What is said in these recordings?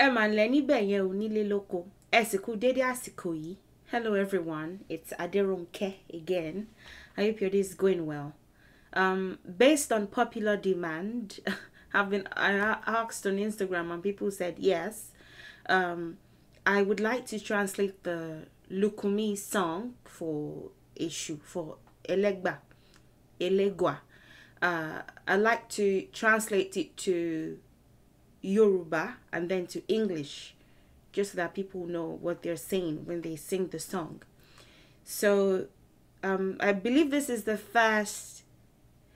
dédé hello everyone it's Aderonke again I hope your day is going well um, based on popular demand I've been I asked on Instagram and people said yes um, I would like to translate the Lukumi song for Eshu for Elegba Elegua uh, I'd like to translate it to Yoruba and then to English, just so that people know what they're saying when they sing the song. So um, I believe this is the first.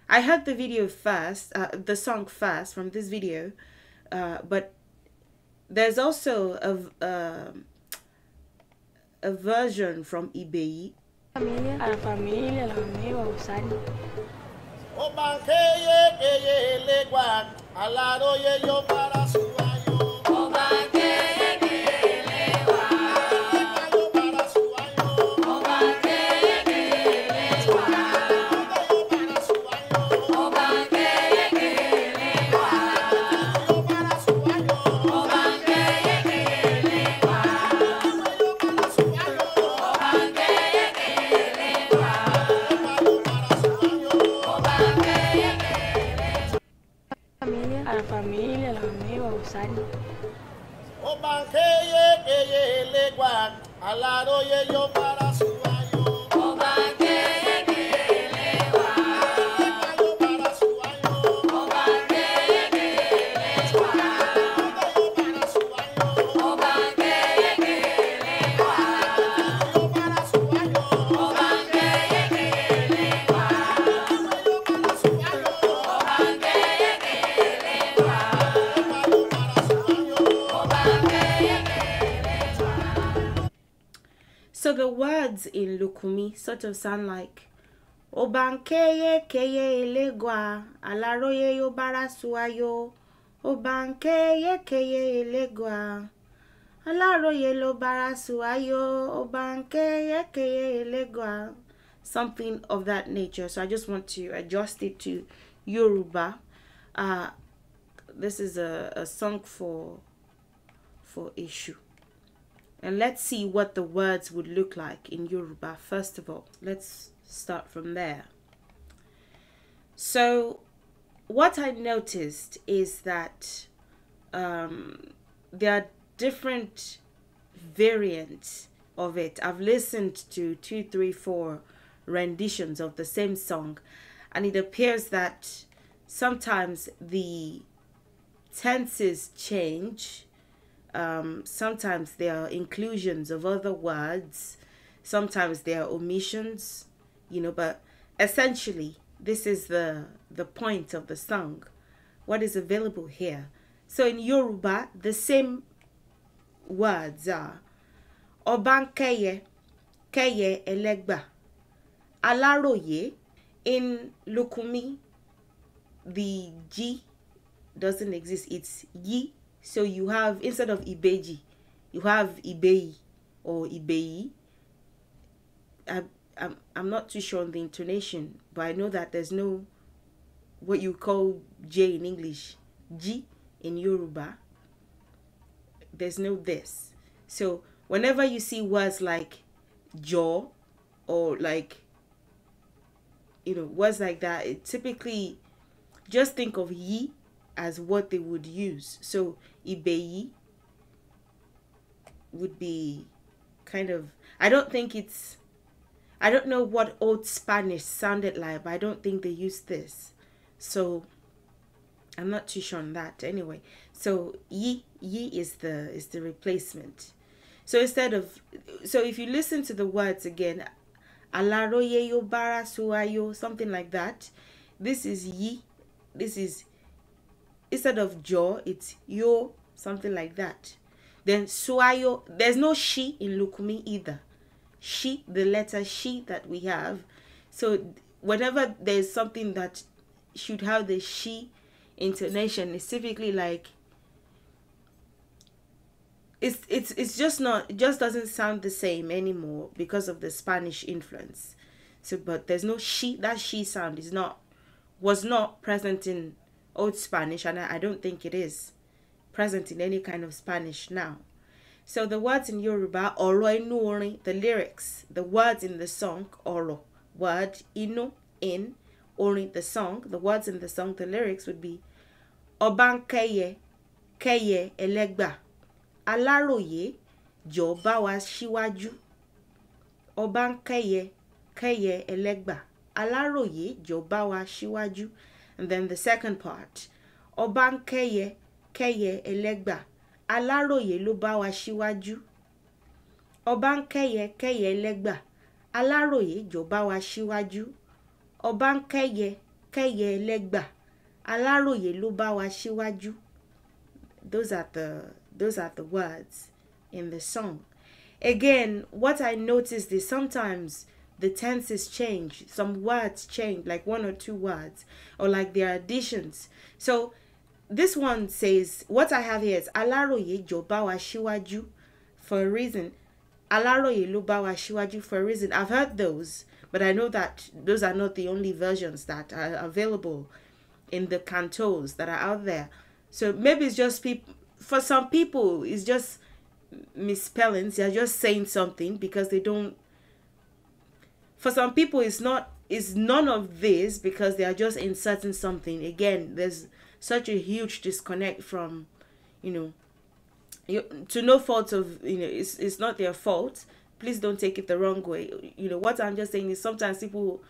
I heard the video first, uh, the song first from this video, uh, but there's also a uh, a version from Ibeyi. ó máa ń ké yékéyé lẹ́gbàá aláròye yóò fara sùn wá. buhari. ó máa ń ké yékéyé lẹ́gbàá aláròye yóò to sound like Obankeye keye elegwa, alaroye yo barasuayo. Obankeye keye elegwa, alaroye lo barasuayo. Obankeye keye elegwa. Something of that nature. So I just want to adjust it to Yoruba. Uh, this is a, a song for for issue. And let's see what the words would look like in Yoruba first of all. Let's start from there. So, what I noticed is that um, there are different variants of it. I've listened to two, three, four renditions of the same song, and it appears that sometimes the tenses change um, sometimes there are inclusions of other words, sometimes there are omissions, you know, but essentially this is the the point of the song. What is available here? So in Yoruba, the same words are Obankeye, Keye Elegba, Alaroye. In Lukumi, the G doesn't exist. It's Yi so you have, instead of Ibeji, you have Ibei or Ibei. I, I'm, I'm not too sure on the intonation, but I know that there's no what you call J in English, G in Yoruba. There's no this. So whenever you see words like jaw or like, you know, words like that, it typically just think of ye as what they would use. So Ibeyi would be kind of I don't think it's I don't know what old Spanish sounded like, but I don't think they used this. So I'm not too sure on that anyway. So yi yi is the is the replacement. So instead of so if you listen to the words again, alaroye yo bara suayo, something like that. This is yi. This is instead of jo, it's yo, something like that. Then suayo, there's no she in lukumi either. She, the letter she that we have. So whenever there's something that should have the she intonation, it's typically like it's it's it's just not it just doesn't sound the same anymore because of the Spanish influence. So but there's no she that she sound is not was not present in old Spanish, and I don't think it is present in any kind of Spanish now. So the words in Yoruba, ọ̀rọ̀ inú the lyrics, the words in the song, ọ̀rọ̀, word, inú, in, the song, the words in the song, the lyrics would be Ọba kẹ́yẹ, kẹ́yẹ ẹlẹ́gbà, aláròyé, jọ̀ọ́ shiwaju, wa kẹ́yẹ, kẹ́yẹ ẹlẹ́gbà, aláròyé, jọ̀ọ́ shiwaju, and then the second part. Ọba kẹ́yẹ kẹ́yẹ ẹlẹ́gbà aláròyé ló bá wa síwájú. Ọba kẹ́yẹ kẹ́yẹ ẹlẹ́gbà aláròyé jọ bá wa síwájú. Ọba kẹ́yẹ kẹ́yẹ ẹlẹ́gbà aláròyé ló bá wa Those are the those are the words in the song. Again, what I noticed is sometimes the tenses change some words change like one or two words or like their additions so this one says what i have here is aláròyé jọ̀ọ́ bá wa ṣíwájú for a reason aláròyé ló bá wa for a reason i've heard those but i know that those are not the only versions that are available in the cantos that are out there so maybe it's just people for some people it's just misspellings they're just saying something because they don't for some people, it's not it's none of this because they are just inserting something. Again, there's such a huge disconnect from, you know, you, to no fault of you know it's it's not their fault. Please don't take it the wrong way. You know what I'm just saying is sometimes people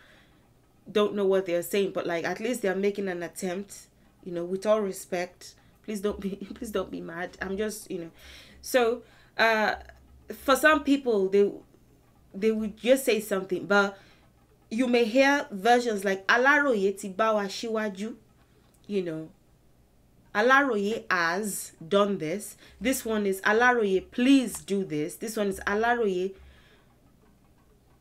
don't know what they're saying, but like at least they're making an attempt. You know, with all respect, please don't be please don't be mad. I'm just you know, so uh, for some people they they would just say something but you may hear versions like Alaroye ti bá you know Alaroye has done this this one is Alaroye please do this this one is Alaroye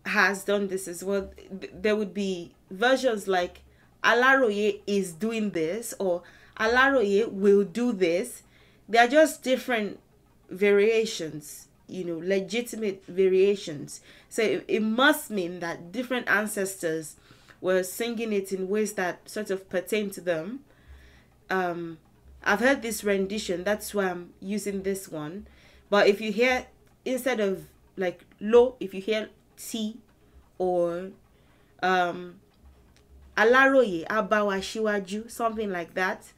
has done this as well there would be versions like Alaroye is doing this or Alaroye will do this they are just different variations you know legitimate variations so it, it, must mean that different ancestors were singing it in ways that sort of pertain to them um i've heard this rendition that's why i'm using this one but if you hear instead of like low if you hear t or um alaroye abawa shiwaju something like that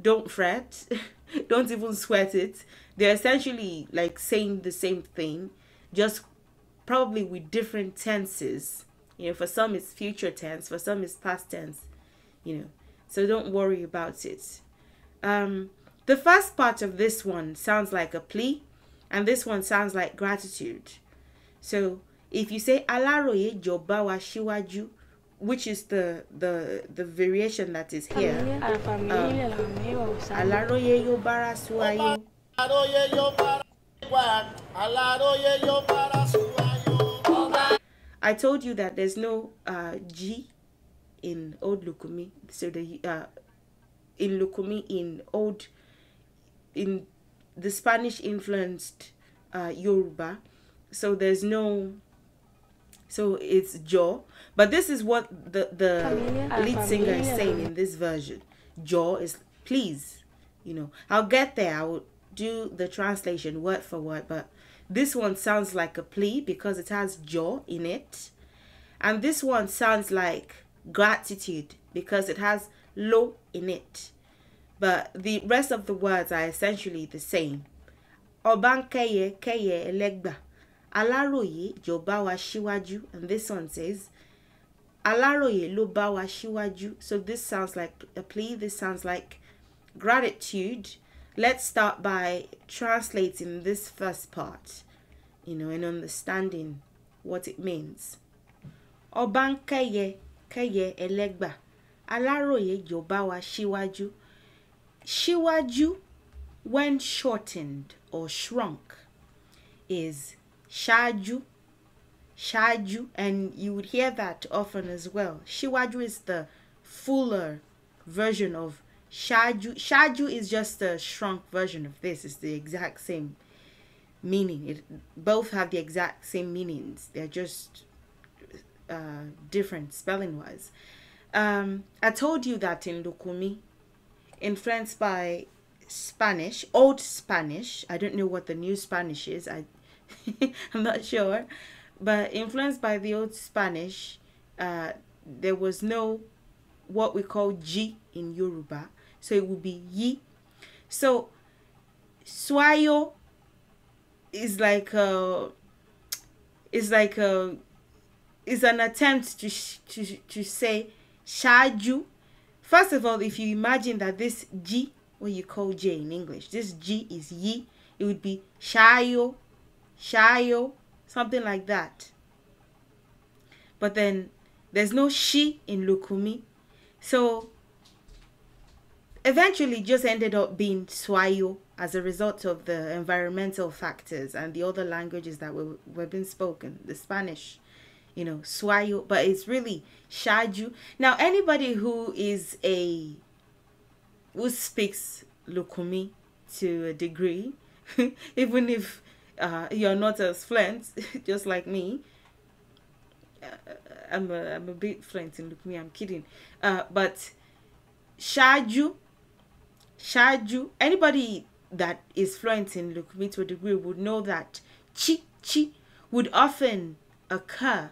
don't fret don't even sweat it they're essentially like saying the same thing, just probably with different tenses. You know, for some it's future tense, for some it's past tense, you know. So don't worry about it. Um, the first part of this one sounds like a plea, and this one sounds like gratitude. So if you say Alaroye Joba wa Shiwaju, which is the the the variation that is here. Um, Alaroye I told you that there's no uh, G in Old Lukumi. So the uh, in Lukumi in Old in the Spanish influenced uh, Yoruba. So there's no so it's jaw. But this is what the the uh, lead singer is saying in this version. Jaw is please, you know. I'll get there. I will do the translation word for word, but this one sounds like a plea because it has jaw in it. And this one sounds like gratitude because it has lo in it. But the rest of the words are essentially the same. Obankeye keye elegba. Alaroye jo bawa shiwaju. And this one says, Alaroye lo bawa shiwaju. So this sounds like a plea. This sounds like gratitude let's start by translating this first part, you know, and understanding what it means. Ọba ń kẹ́yẹ kẹ́yẹ ẹlẹ́gbà aláròye jọba wa shiwaju. when shortened or shrunk is shaju, shaju, and you would hear that often as well. Shiwaju is the fuller version of Shaju Shaju is just a shrunk version of this. It's the exact same meaning. It both have the exact same meanings. They're just uh, different spelling wise. Um, I told you that in Lukumi, influenced by Spanish, old Spanish. I don't know what the new Spanish is. I I'm not sure, but influenced by the old Spanish, uh, there was no what we call G in Yoruba so it will be ye. So swayo is like a, is like a, is an attempt to to to say shaju. First of all, if you imagine that this g, what you call j in English, this g is ye, it would be shayo, shayo, something like that. But then there's no she in lukumi, so eventually just ended up being Swayo as a result of the environmental factors and the other languages that were, were being spoken, the Spanish, you know, Swayo, but it's really Shaju. Now, anybody who is a, who speaks Lukumi to a degree, even if uh, you're not as fluent, just like me, uh, I'm a, I'm a bit fluent in Lukumi, I'm kidding, uh, but Shaju Shaju, anybody that is fluent in Lukumi to a degree would know that chi chi would often occur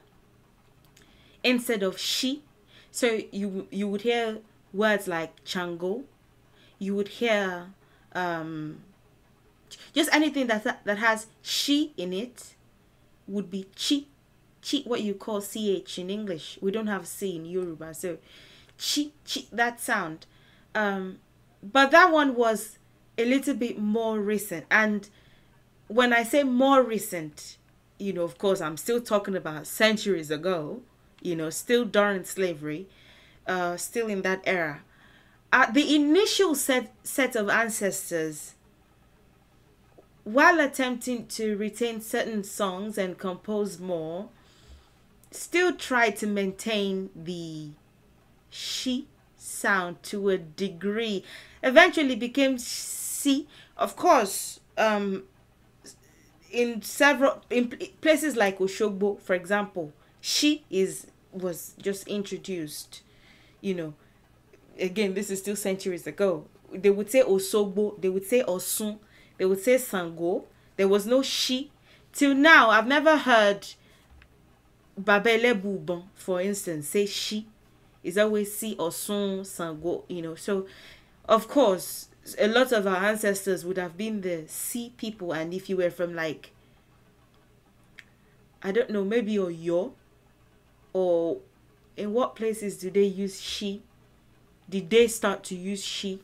instead of she. So you you would hear words like chango, you would hear um, just anything that that has she in it would be chi chi what you call ch in English. We don't have c in Yoruba, so chi chi that sound. Um, but that one was a little bit more recent and when i say more recent you know of course i'm still talking about centuries ago you know still during slavery uh, still in that era uh, the initial set set of ancestors while attempting to retain certain songs and compose more still tried to maintain the she sound to a degree eventually became C. Of course, um, in several in places like Oshogbo, for example, she is was just introduced. You know, again, this is still centuries ago. They would say Osogbo, they would say Osun, they would say Sango. There was no she. Till now, I've never heard Babele Boubon, for instance, say she. It's always si Osun, Sango, you know. So of course, a lot of our ancestors would have been the sea people, and if you were from like, I don't know, maybe Oyo, or in what places do they use she? Did they start to use she?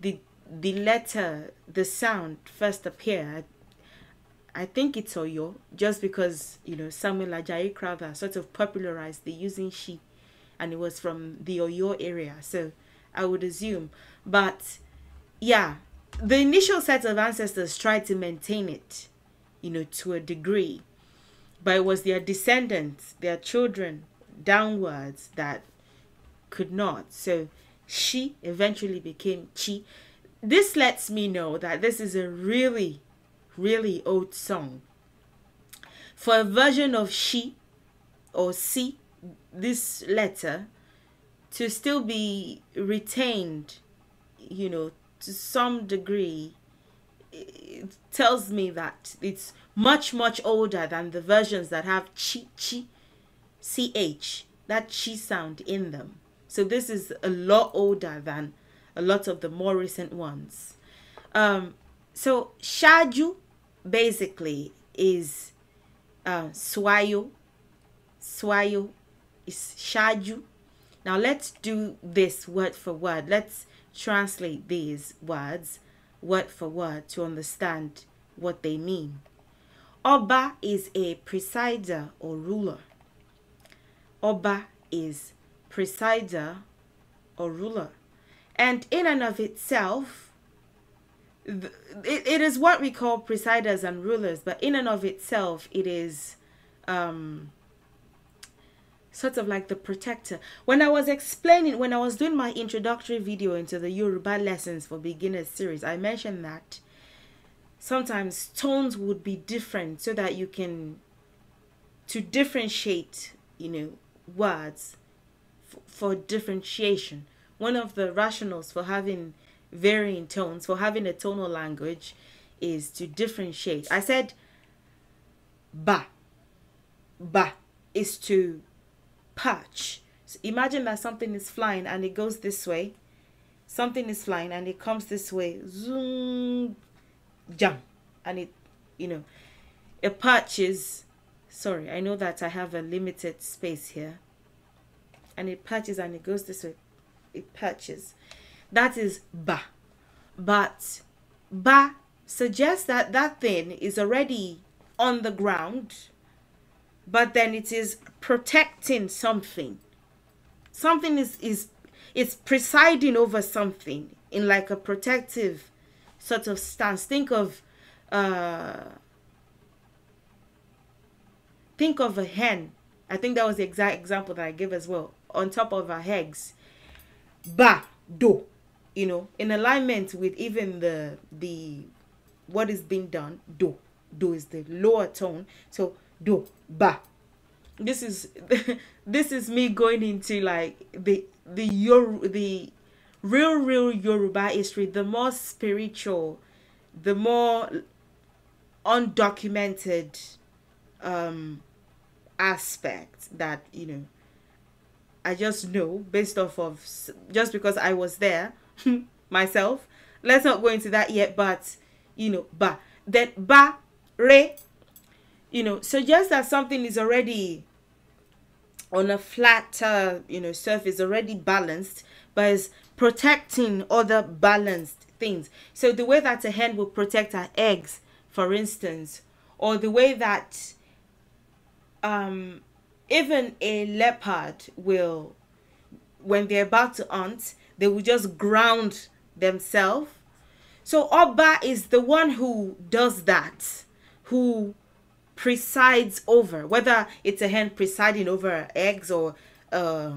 Did the letter, the sound first appear? I, I think it's Oyo, just because you know Samuel Ajayi Crowther sort of popularized the using she, and it was from the Oyo area, so I would assume. But yeah, the initial set of ancestors tried to maintain it, you know, to a degree. But it was their descendants, their children downwards that could not. So she eventually became Chi. This lets me know that this is a really, really old song. For a version of she or C, this letter to still be retained, you know, to some degree, it tells me that it's much, much older than the versions that have chi chi, ch, that chi sound in them. So this is a lot older than a lot of the more recent ones. Um, so shaju basically is uh, swayo. Swayo is shaju now let's do this word for word. Let's translate these words word for word to understand what they mean. Oba is a presider or ruler. Oba is presider or ruler. And in and of itself, it, it is what we call presiders and rulers, but in and of itself, it is um, sort of like the protector. When I was explaining, when I was doing my introductory video into the Yoruba Lessons for Beginners series, I mentioned that sometimes tones would be different so that you can, to differentiate, you know, words for differentiation. One of the rationals for having varying tones, for having a tonal language, is to differentiate. I said, ba, ba is to patch. So imagine that something is flying and it goes this way. Something is flying and it comes this way. Zoom, jump. And it, you know, it patches. sorry, I know that I have a limited space here. And it patches and it goes this way. It patches. That is ba. But ba suggests that that thing is already on the ground but then it is protecting something something is is it's presiding over something in like a protective sort of stance think of uh think of a hen i think that was the exact example that i gave as well on top of her eggs ba do you know in alignment with even the the what is being done do do is the lower tone so do ba this is this is me going into like the the your the real real yoruba history the more spiritual the more undocumented um aspect that you know i just know based off of just because i was there myself let's not go into that yet but you know ba that ba re you know, suggests that something is already on a flat, you know, surface, already balanced, but is protecting other balanced things. So the way that a hen will protect her eggs, for instance, or the way that um, even a leopard will, when they're about to hunt, they will just ground themselves. So Abba is the one who does that, who presides over, whether it's a hen presiding over eggs or uh,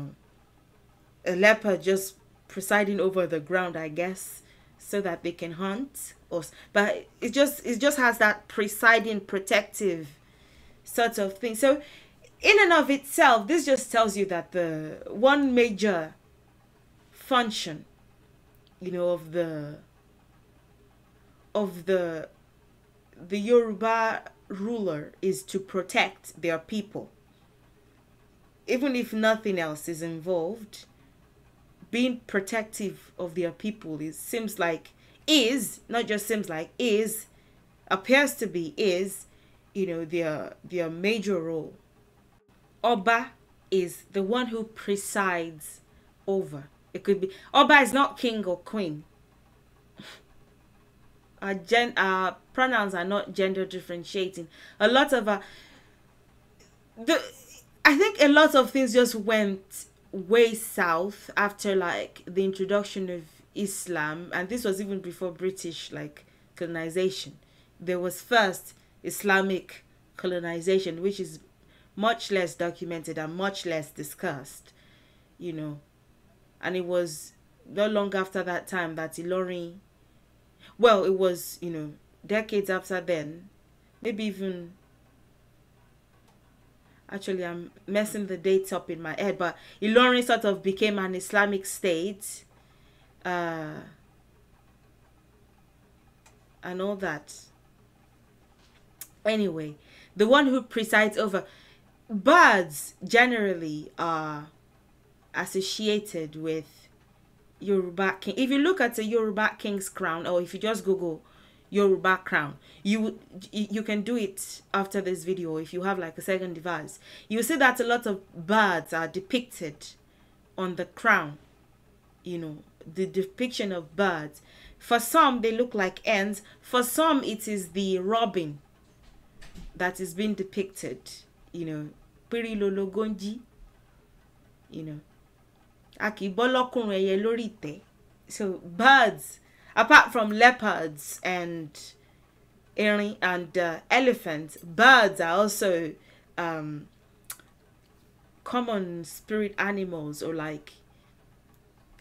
a leopard just presiding over the ground, I guess, so that they can hunt. us. but it just it just has that presiding, protective sort of thing. So, in and of itself, this just tells you that the one major function, you know, of the of the the Yoruba ruler is to protect their people. Even if nothing else is involved, being protective of their people is seems like is not just seems like is appears to be is you know their their major role. Oba is the one who presides over. It could be Oba is not king or queen our gen our pronouns are not gender differentiating a lot of uh, the i think a lot of things just went way south after like the introduction of islam and this was even before british like colonization there was first islamic colonization which is much less documented and much less discussed you know and it was not long after that time that Ilorin well, it was, you know, decades after then, maybe even actually I'm messing the dates up in my head, but Ilorin sort of became an Islamic state uh, and all that. Anyway, the one who presides over birds generally are associated with Yoruba king. If you look at a Yoruba king's crown, or if you just Google Yoruba crown, you you can do it after this video if you have like a second device. You see that a lot of birds are depicted on the crown. You know the depiction of birds. For some, they look like ants. For some, it is the robin that is being depicted. You know, gonji. You know, Aki bolokun ẹyẹ lórí so birds apart from leopards and erin and uh, elephants birds are also um, common spirit animals or like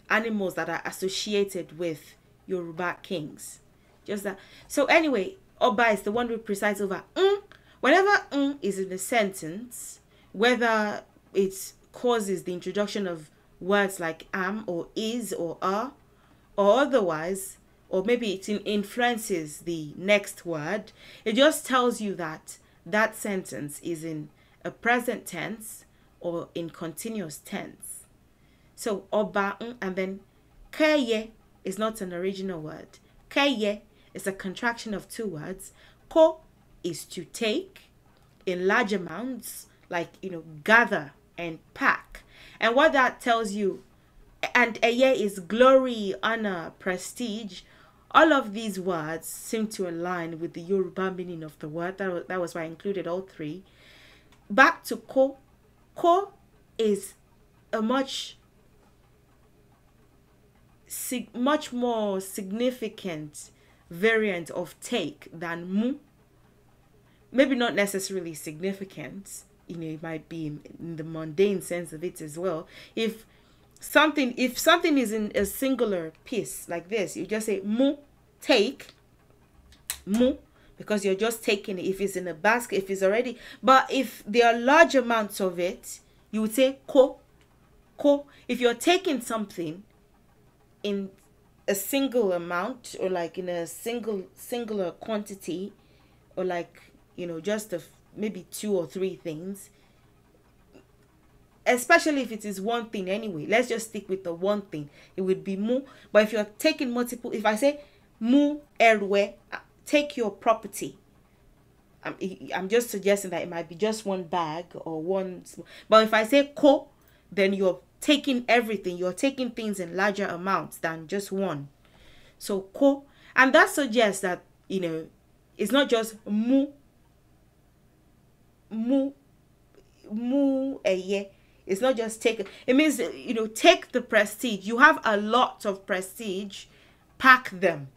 animals that are associated with Yoruba kings just that so anyway Oba is the one who presides over mm, whenever mm is in a sentence whether it causes the introduction of words like am or is or are or otherwise, or maybe it influences the next word. It just tells you that that sentence is in a present tense or in continuous tense. So oba and then kye is not an original word. Kye is a contraction of two words. Ko is to take in large amounts, like you know, gather and pack. And what that tells you, and Eye is glory, honor, prestige. All of these words seem to align with the Yoruba meaning of the word. That was, that was why I included all three. Back to Ko. Ko is a much sig- much more significant variant of take than mu. Maybe not necessarily significant, you know it might be in, in the mundane sense of it as well if something if something is in a singular piece like this you just say mu take mu because you're just taking it if it's in a basket if it's already but if there are large amounts of it you would say ko ko if you're taking something in a single amount or like in a single singular quantity or like you know just a maybe two or three things especially if it is one thing anyway let's just stick with the one thing it would be mu but if you're taking multiple if i say mu erwe uh, take your property I'm, I'm just suggesting that it might be just one bag or one but if i say ko then you're taking everything you're taking things in larger amounts than just one so ko and that suggests that you know it's not just mu mu mu eye. It's not just take. It means you know take the prestige. You have a lot of prestige. Pack them,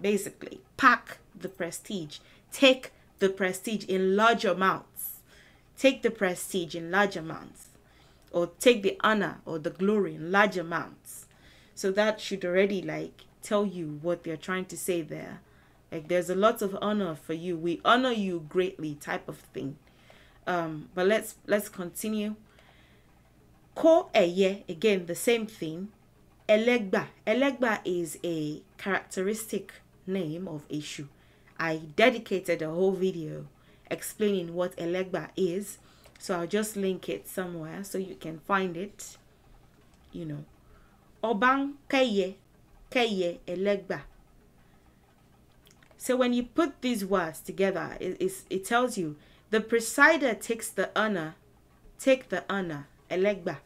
basically. Pack the prestige. Take the prestige in large amounts. Take the prestige in large amounts, or take the honor or the glory in large amounts. So that should already like tell you what they're trying to say there. Like there's a lot of honor for you. We honor you greatly, type of thing um but let's let's continue ko eye again the same thing elegba elegba is a characteristic name of a shoe i dedicated a whole video explaining what elegba is so i'll just link it somewhere so you can find it you know oban keye keye elegba so when you put these words together it, it tells you the presider takes the honor. Take the honor. Elegba.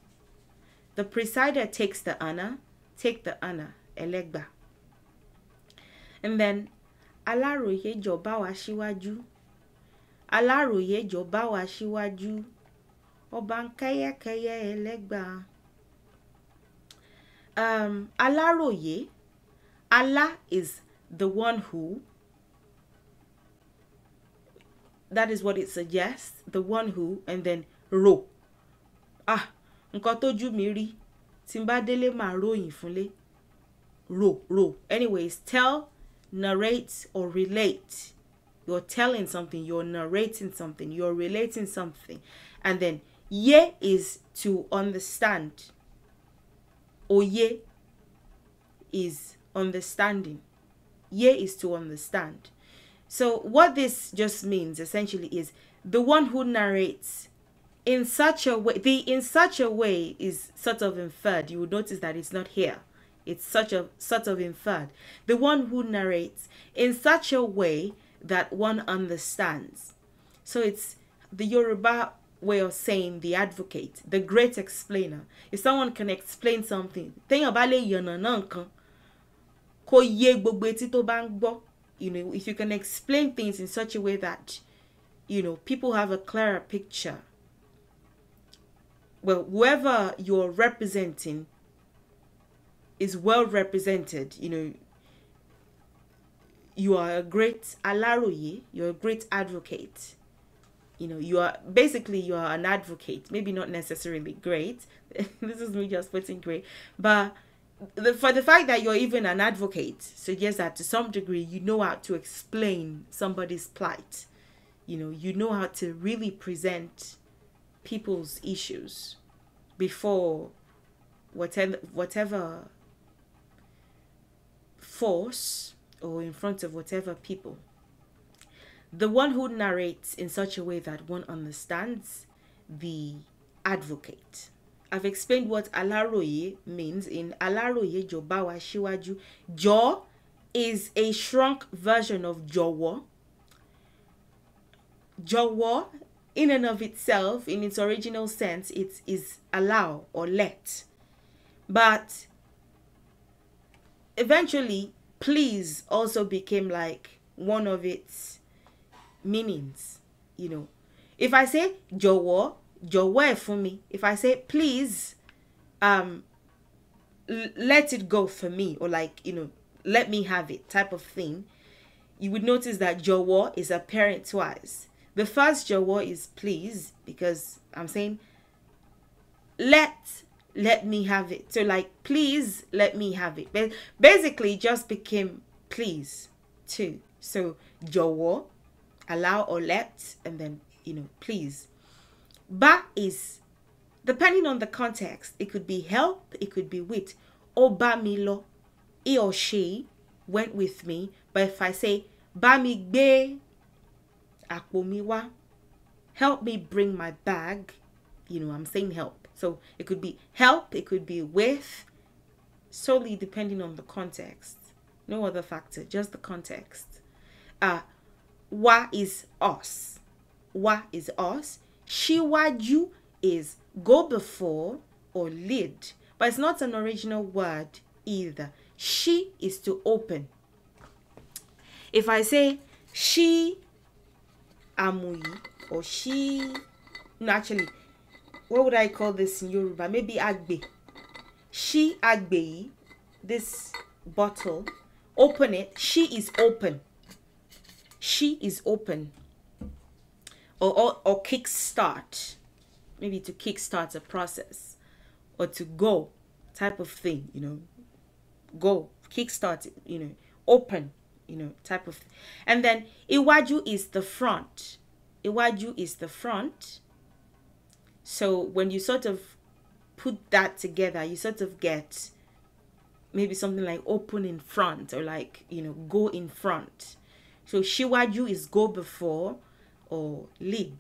The presider takes the honor. Take the honor. Elegba. And then, Aláròyé jọ̀ọ́ bá shiwaju. síwájú. Aláròyé jọ̀ọ́ bá wa síwájú. Ọba ń ẹlẹ́gbà. Um, Aláròyé. Allah is the one who that is what it suggests the one who and then ro ah nǹkan tójú mi rí tí bá délé fúnlé ro ro anyways tell narrate or relate you're telling something you're narrating something you're relating something and then ye is to understand oye is understanding ye is to understand so what this just means essentially is the one who narrates in such a way the in such a way is sort of inferred. You would notice that it's not here. It's such a sort of inferred. The one who narrates in such a way that one understands. So it's the Yoruba way of saying the advocate, the great explainer. If someone can explain something, téèyàn bá lè you know if you can explain things in such a way that you know people have a clearer picture well whoever you're representing is well represented you know you are a great alaroye you're a great advocate you know you are basically you are an advocate maybe not necessarily great this is me just putting great but the, for the fact that you're even an advocate suggests that to some degree you know how to explain somebody's plight. You know, you know how to really present people's issues before whatever whatever force or in front of whatever people. The one who narrates in such a way that one understands the advocate. I've explained what alaroye means in alaroye jobawa shiwaju. Jo is a shrunk version of jowo. Jowo, in and of itself, in its original sense, it is allow or let. But eventually, please also became like one of its meanings, you know. If I say jowo, your word for me. if i say please um, let it go for me or like you know let me have it type of thing you would notice that your word is apparent twice the first your word is please because i'm saying let let me have it so like please let me have it but basically just became please too so your word allow or let and then you know please Ba is, depending on the context, it could be help, it could be with. Oba milo, he or she went with me. But if I say, ba mi gbe apo mi wa, help me bring my bag, you know, I'm saying help. So it could be help, it could be with, solely depending on the context. No other factor, just the context. Uh, wa is us. Wa is us. Shiwaju is go before or lead, but it's not an original word either. She is to open. If I say she amui or she, no, what would I call this in Yoruba? Maybe agbe. She agbe, this bottle, open it. She is open. She is open or, or, or kickstart, maybe to kickstart a process or to go type of thing, you know, go, kickstart, you know, open, you know, type of. Thing. And then iwaju is the front. Iwaju is the front. So when you sort of put that together, you sort of get maybe something like open in front or like, you know, go in front. So shiwaju is go before, or lead.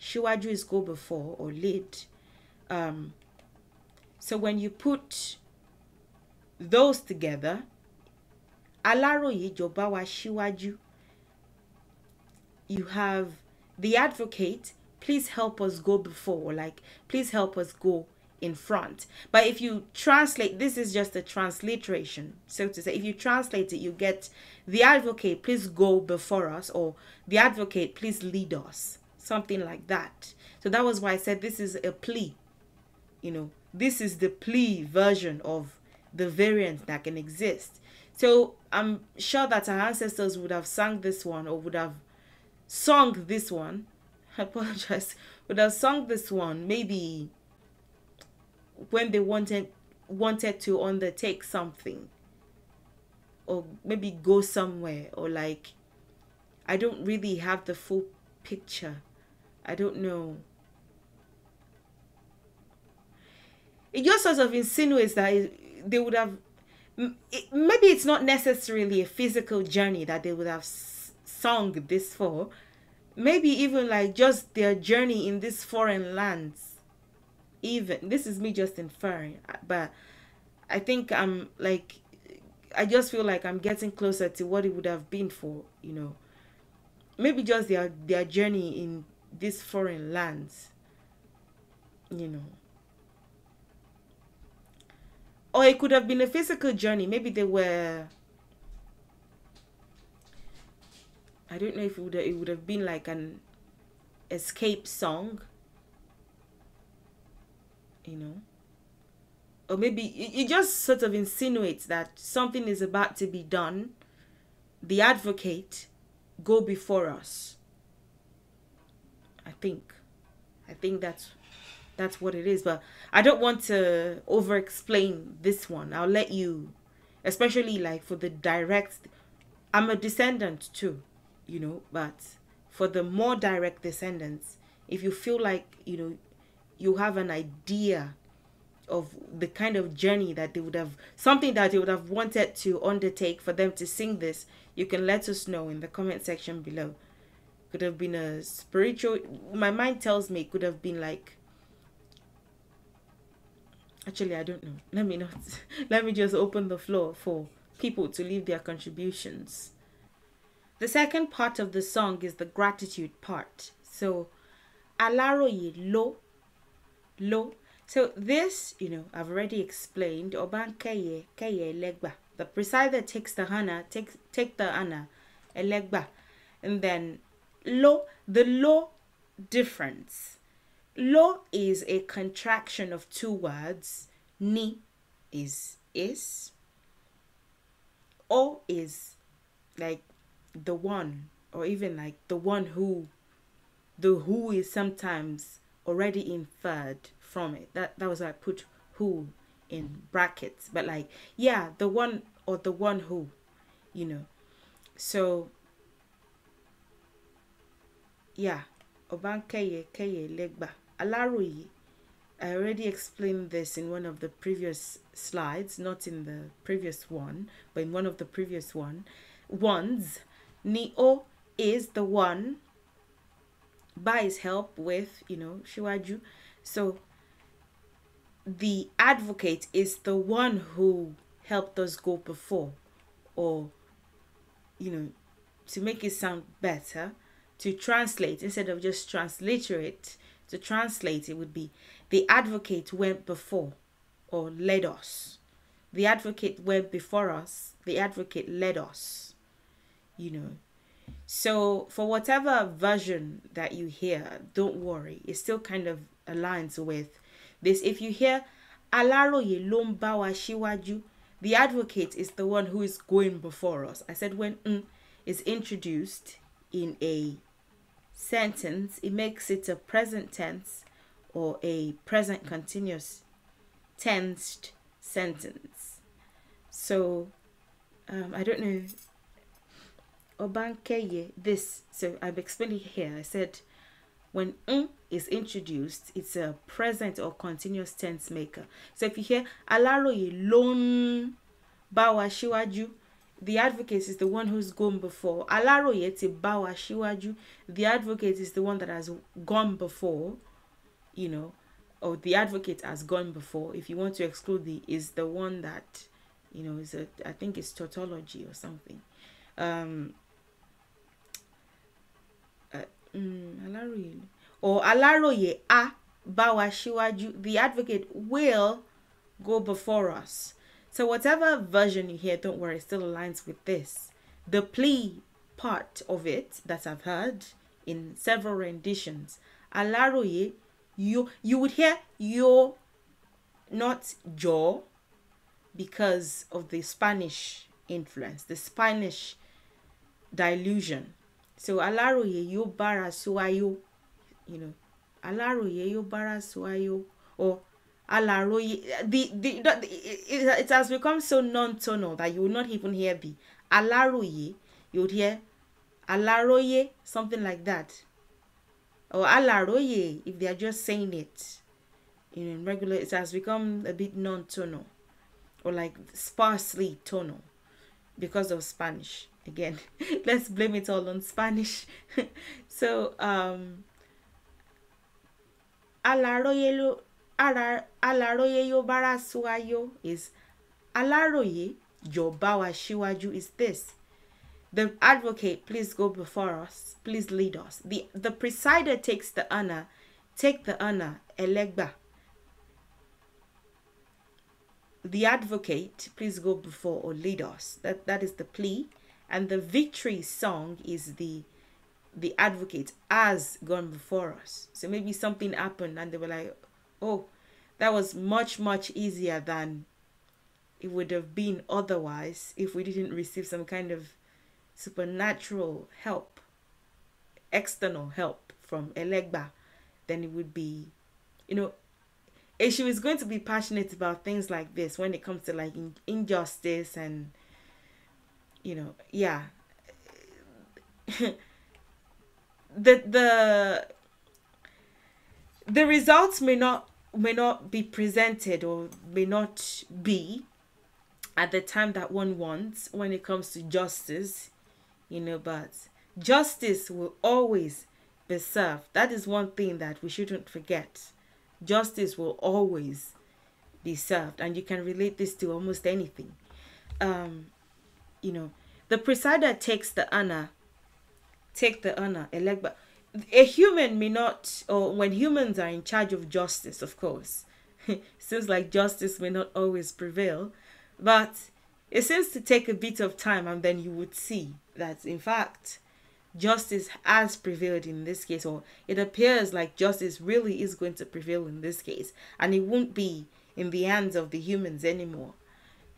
Shiwaju is go before or lead. Um, so when you put those together, Aláròyé jọba wa síwájú. You have the advocate, please help us go before, like please help us go in front. But if you translate, this is just a transliteration, so to say. If you translate it, you get the advocate, please go before us, or the advocate, please lead us, something like that. So that was why I said this is a plea. You know, this is the plea version of the variant that can exist. So I'm sure that our ancestors would have sung this one or would have sung this one. I apologize. Would have sung this one maybe when they wanted wanted to undertake something or maybe go somewhere or like I don't really have the full picture. I don't know. It just sort of insinuates that they would have maybe it's not necessarily a physical journey that they would have sung this for maybe even like just their journey in these foreign lands even this is me just inferring, but I think I'm like I just feel like I'm getting closer to what it would have been for, you know, maybe just their their journey in these foreign lands, you know. Or it could have been a physical journey. Maybe they were I don't know if it would it would have been like an escape song you know or maybe it, it just sort of insinuates that something is about to be done the advocate go before us i think i think that's that's what it is but i don't want to over explain this one i'll let you especially like for the direct i'm a descendant too you know but for the more direct descendants if you feel like you know you have an idea of the kind of journey that they would have something that they would have wanted to undertake for them to sing this you can let us know in the comment section below could have been a spiritual my mind tells me it could have been like actually i don't know let me not let me just open the floor for people to leave their contributions the second part of the song is the gratitude part so alaroye lo low. So this, you know, I've already explained. Oban keye, keye legba. The presider takes the hana, takes take the hana, elegba. And then low, the low difference. Low is a contraction of two words. Ni is is. O is like the one or even like the one who the who is sometimes already inferred from it. That that was like I put who in brackets. But like, yeah, the one or the one who, you know. So yeah, Obankeye Keye Legba. alarui I already explained this in one of the previous slides, not in the previous one, but in one of the previous one ones. Neo is the one his help with, you know, Shiwaju. So the advocate is the one who helped us go before or you know to make it sound better to translate instead of just transliterate to translate it would be the advocate went before or led us the advocate went before us the advocate led us you know so, for whatever version that you hear, don't worry, it still kind of aligns with this. If you hear Alaroye ló ń wa the advocate is the one who is going before us. I said when mm is introduced in a sentence, it makes it a present tense or a present continuous tensed sentence. So, um, I don't know Obankeye this. So I'm explaining here. I said when is introduced, it's a present or continuous tense maker. So if you hear Alaroye lon bawa shiwaju, the advocate is the one who's gone before. Alaroye ti bawa shiwaju, the advocate is the one that has gone before, you know, or the advocate has gone before. If you want to exclude the is the one that, you know, is a I think it's tautology or something. Um, Mm, aláròye or aláròye a bá wa síwájú the advocate will go before us so whatever version you hear don't worry it still aligns with this the plea part of it that I've heard in several renditions aláròye you you would hear yo not jaw, because of the Spanish influence the Spanish dilution so aláròye yóò bára síwáyó you know aláròye yóò bára síwáyó or aláròye the the, the it, it has become so non-tonal that you will not even hear the aláròye you would hear aláròye something like that or aláròye if they are just saying it you know in regular it has become a bit non-tonal or like sparsely tonal because of Spanish. again let's blame it all on spanish so um alaroye alaroye yobara suayo is alaroye bawa shiwaju is this the advocate please go before us please lead us the the presider takes the honor take the honor elegba the advocate please go before or lead us that that is the plea and the victory song is the the advocate has gone before us. So maybe something happened and they were like, oh, that was much, much easier than it would have been otherwise if we didn't receive some kind of supernatural help, external help from Elegba, then it would be, you know, she was going to be passionate about things like this when it comes to like injustice and you know, yeah. the the the results may not may not be presented or may not be at the time that one wants when it comes to justice, you know, but justice will always be served. That is one thing that we shouldn't forget. Justice will always be served, and you can relate this to almost anything. Um, you know, the presider takes the honor. Take the honor. Elect, but a human may not, or when humans are in charge of justice, of course, it seems like justice may not always prevail, but it seems to take a bit of time, and then you would see that, in fact, justice has prevailed in this case, or it appears like justice really is going to prevail in this case, and it won't be in the hands of the humans anymore.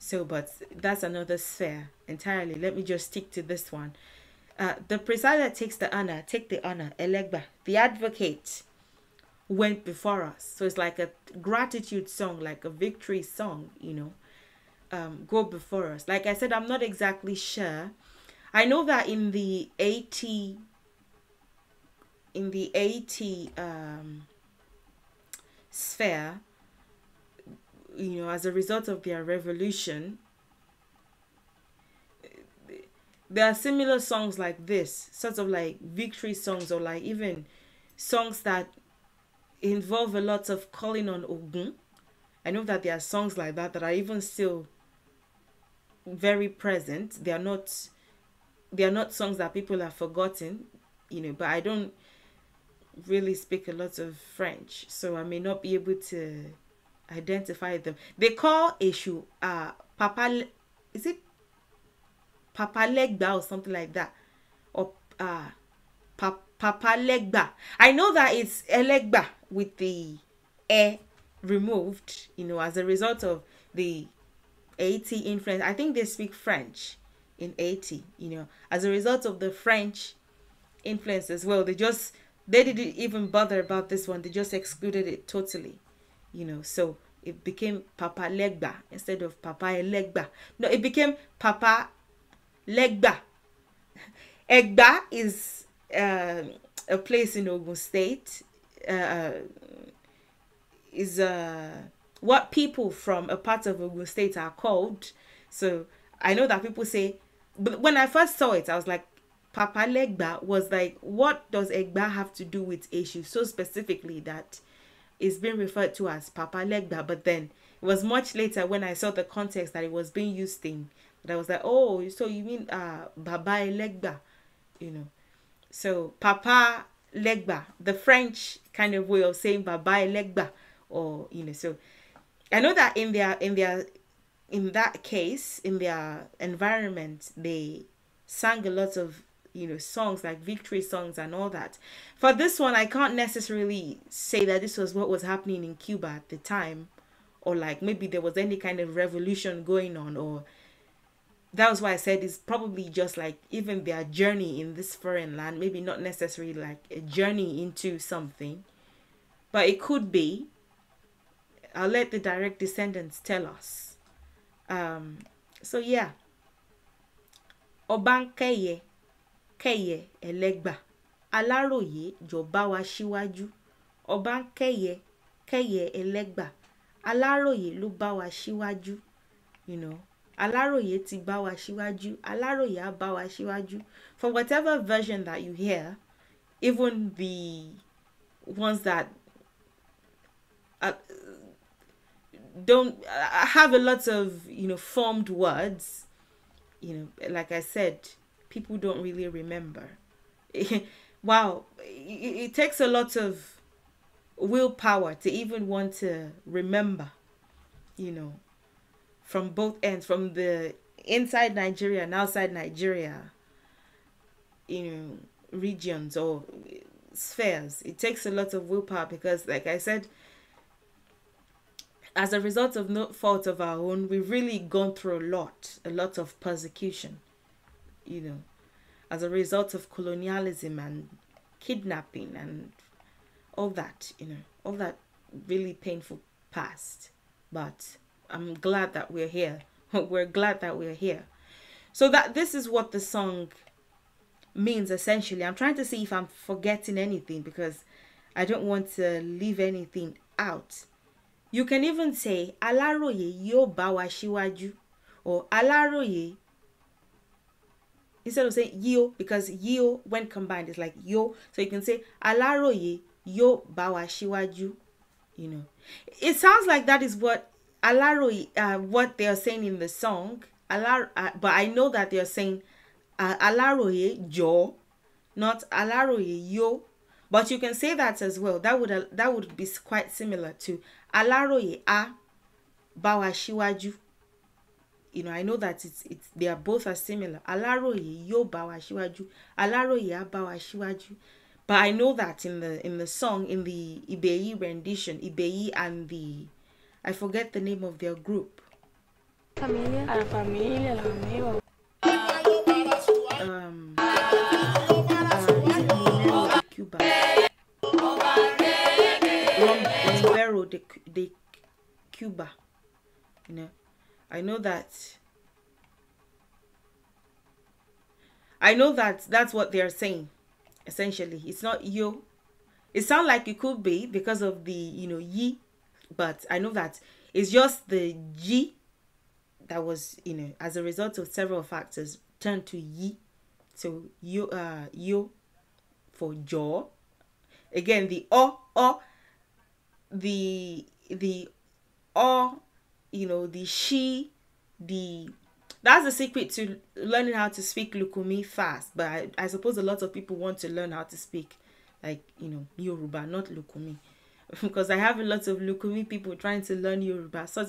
So, but that's another sphere entirely. Let me just stick to this one. Uh, the presider takes the honor, take the honor, Elegba, the advocate went before us. So it's like a gratitude song, like a victory song, you know, um, go before us. Like I said, I'm not exactly sure. I know that in the 80, in the 80 um, sphere, you know, as a result of their revolution, there are similar songs like this, sort of like victory songs or like even songs that involve a lot of calling on Ogun. I know that there are songs like that that are even still very present. They are not they are not songs that people have forgotten, you know, but I don't really speak a lot of French, so I may not be able to identify them. They call issue uh Papa is it Papa Legba or something like that? Or uh pa, Papa Legba. I know that it's Elegba with the E removed, you know, as a result of the 80 influence. I think they speak French in 80. you know, as a result of the French influence as well. They just they didn't even bother about this one. They just excluded it totally you know so it became papa legba instead of papa elegba no it became papa legba egba is uh, a place in ogun state uh, is uh, what people from a part of ogun state are called so i know that people say but when i first saw it i was like papa legba was like what does egba have to do with issue so specifically that is being referred to as Papa Legba, but then it was much later when I saw the context that it was being used in that I was like, oh, so you mean uh, Baba Legba, you know? So Papa Legba, the French kind of way of saying Baba Legba, or you know, so I know that in their in their in that case in their environment they sang a lot of you know songs like victory songs and all that for this one i can't necessarily say that this was what was happening in cuba at the time or like maybe there was any kind of revolution going on or that was why i said it's probably just like even their journey in this foreign land maybe not necessarily like a journey into something but it could be i'll let the direct descendants tell us um so yeah obankeye kẹyẹ ẹlẹgbà aláròye jọ̀ọ́ bá wa síwájú ọba ń kẹyẹ kẹyẹ ẹlẹgbà aláròye ló bá wa síwájú you know aláròye ti bá wa síwájú aláròye á bá wa síwájú for whatever version that you hear even the ones that uh, don't uh, have a lot of you know formed words you know like i said people don't really remember. wow, it, it takes a lot of willpower to even want to remember, you know, from both ends, from the inside Nigeria and outside Nigeria, you know, regions or spheres. It takes a lot of willpower because, like I said, as a result of no fault of our own, we've really gone through a lot, a lot of persecution you know, as a result of colonialism and kidnapping and all that, you know, all that really painful past. But I'm glad that we're here. we're glad that we're here. So that this is what the song means essentially. I'm trying to see if I'm forgetting anything because I don't want to leave anything out. You can even say Alaroye yo bawa shiwaju or Alaroye instead of saying yo because yo when combined is like yo so you can say alaroye yo bawa shiwaju you know it sounds like that is what alaroye uh, what they are saying in the song Alar- uh, but i know that they are saying uh, alaroye jo not alaroye yo but you can say that as well that would uh, that would be quite similar to alaroye a bawa shiwaju you know i know that it's it's they are both are similar aláròyé yóò bá wa síwájú aláròyé abawa bá but i know that in the in the song in the ibeyi rendition ibeyi and the i forget the name of their group familia ah, la familia la amigo um uh, Cuba Rombero de, de Cuba you know I know that. I know that that's what they are saying. Essentially, it's not yo. It sounds like it could be because of the you know ye, but I know that it's just the g that was you know as a result of several factors turned to ye. So yo uh yo for jaw. Again, the o o the the o you know, the she, the that's the secret to learning how to speak Lukumi fast. But I, I suppose a lot of people want to learn how to speak like you know Yoruba, not Lukumi, because I have a lot of Lukumi people trying to learn Yoruba, so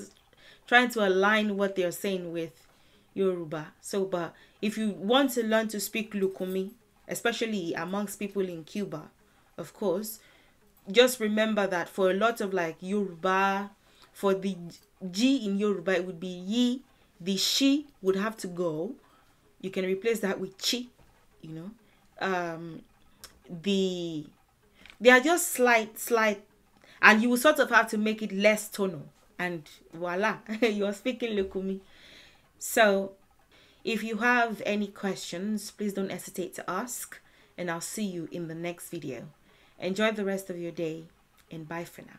trying to align what they are saying with Yoruba. So, but if you want to learn to speak Lukumi, especially amongst people in Cuba, of course, just remember that for a lot of like Yoruba, for the G in Yoruba, it would be ye. The she would have to go. You can replace that with chi, you know. Um, the they are just slight, slight, and you will sort of have to make it less tonal. And voila, you are speaking Lukumi. So, if you have any questions, please don't hesitate to ask, and I'll see you in the next video. Enjoy the rest of your day, and bye for now.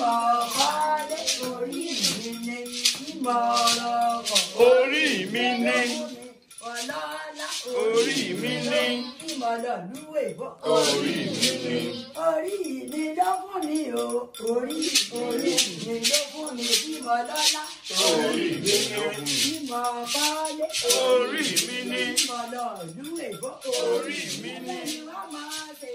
orí mi ní. Ọlọ́lá orí mi ní. Ìmọ̀lọ̀ lúwè bọ́. Orí mi ní. Orí mi ló fún mi o. Orí orí mi ló fún mi. Ìmọ̀lọ́lá. Orí mi ló fún mi. Ìmọ̀ Orí mi ní. Ìmọ̀lọ̀ lúwè bọ́. Orí mi ní. Ìwà máa ṣe